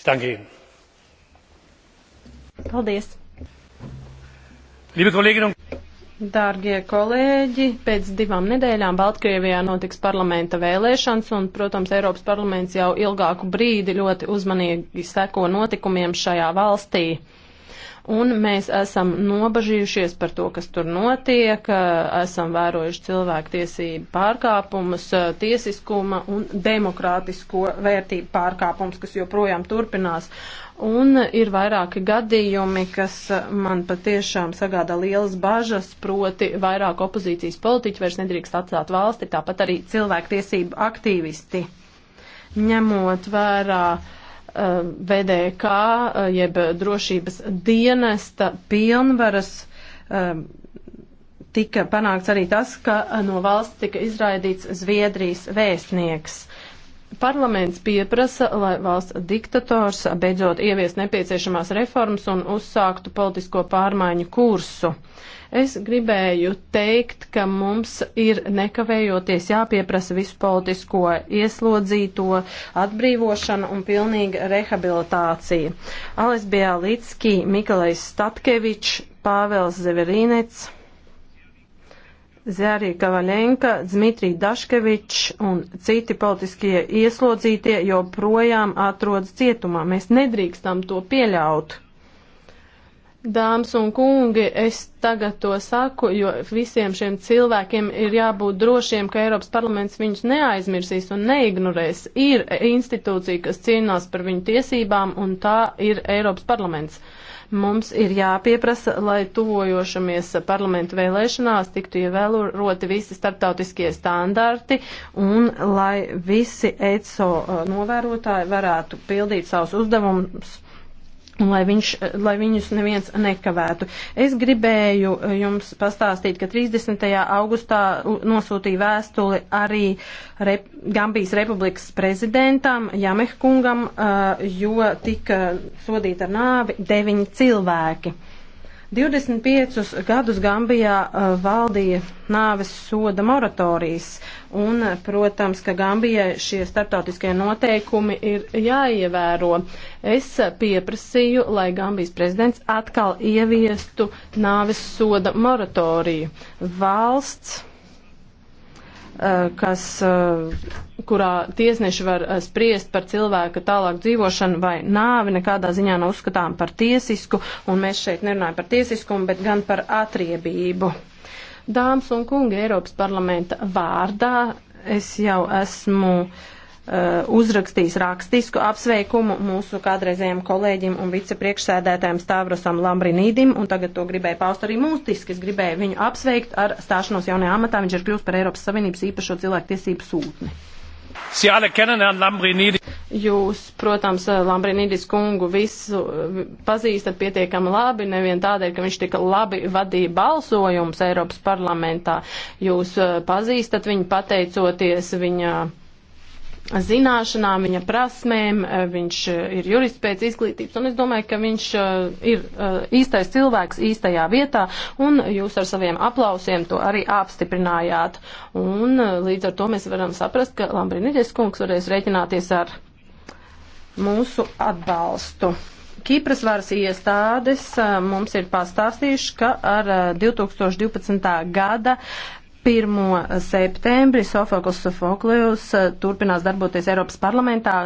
Ich danke Ihnen. Paldies. Liebe Kolleginnen un Dārgie kolēģi, pēc divām nedēļām Baltkrievijā notiks parlamenta vēlēšanas, un, protams, Eiropas parlaments jau ilgāku brīdi ļoti uzmanīgi seko notikumiem šajā valstī un mēs esam nobažījušies par to, kas tur notiek, esam vērojuši cilvēktiesību pārkāpumus, tiesiskuma un demokrātisko vērtību pārkāpumus, kas joprojām turpinās. Un ir vairāki gadījumi, kas man patiešām sagādā lielas bažas, proti vairāk opozīcijas politiķi vairs nedrīkst atstāt valsti, tāpat arī cilvēktiesību aktīvisti. Ņemot vērā uh, Eh, VDK, eh, jeb drošības dienesta pilnvaras eh, tika panākts arī tas, ka no valsts tika izraidīts Zviedrijas vēstnieks. Parlaments pieprasa, lai valsts diktators beidzot ievies nepieciešamās reformas un uzsāktu politisko pārmaiņu kursu. Es gribēju teikt, ka mums ir nekavējoties jāpieprasa visu politisko ieslodzīto atbrīvošanu un pilnīga rehabilitācija. Ales Bialicki, Mikalais Statkevičs, Pāvels Zeverīnets. Zērija Kavaļenka, Dmitrija Daškevičs un citi politiskie ieslodzītie joprojām atrodas cietumā. Mēs nedrīkstam to pieļaut. Dāmas un kungi, es tagad to saku, jo visiem šiem cilvēkiem ir jābūt drošiem, ka Eiropas parlaments viņus neaizmirsīs un neignorēs. Ir institūcija, kas cīnās par viņu tiesībām, un tā ir Eiropas parlaments. Mums ir jāpieprasa, lai tuvojošamies parlamentu vēlēšanās tiktu ievēloti visi starptautiskie standarti un lai visi ECO uh, novērotāji varētu pildīt savus uzdevumus lai, viņš, lai viņus neviens nekavētu. Es gribēju eh, jums pastāstīt, ka 30. augustā nosūtīja vēstuli arī Rep Gambijas republikas prezidentam Jamehkungam, eh, jo tika sodīta ar nāvi deviņi cilvēki. 25 gadus Gambijā uh, valdīja nāves soda moratorijas, un, uh, protams, ka Gambijai šie starptautiskie noteikumi ir jāievēro. Es pieprasīju, lai Gambijas prezidents atkal ieviestu nāves soda moratoriju. Valsts Eh, kas, eh, kurā tiesneši var eh, spriest par cilvēka tālāk dzīvošanu vai nāvi, nekādā ziņā nav uzskatām par tiesisku, un mēs šeit nerunājam par tiesiskumu, bet gan par atriebību. Dāmas un kungi, Eiropas parlamenta vārdā es jau esmu uh, Uh, uzrakstīs rakstisku apsveikumu mūsu kādreizējiem kolēģim un vicepriekšsēdētājiem Stavrosam Lambrinīdim, un tagad to gribēju paust arī mūstiski. Es gribēju viņu apsveikt ar stāšanos jaunajā amatā. Viņš ir kļūst par Eiropas Savienības īpašo cilvēktiesību sūtni. Jūs, protams, eh, Lambrinīdis kungu visu eh, pazīstat pietiekami labi, nevien tādēļ, ka viņš tik labi vadīja balsojums Eiropas parlamentā. Jūs eh, pazīstat viņu pateicoties viņa zināšanām, viņa prasmēm, eh, viņš eh, ir jurists pēc izglītības, un es domāju, ka viņš eh, ir īstais cilvēks īstajā vietā, un jūs ar saviem aplausiem to arī apstiprinājāt. Un līdz ar to mēs varam saprast, ka Lambrinidis kungs varēs rēķināties ar mūsu atbalstu. Kipras varas iestādes mums ir pastāstījuši, ka ar 2012. gada 1. septembri Sofoklis Sofoklijus eh, turpinās darboties Eiropas parlamentā.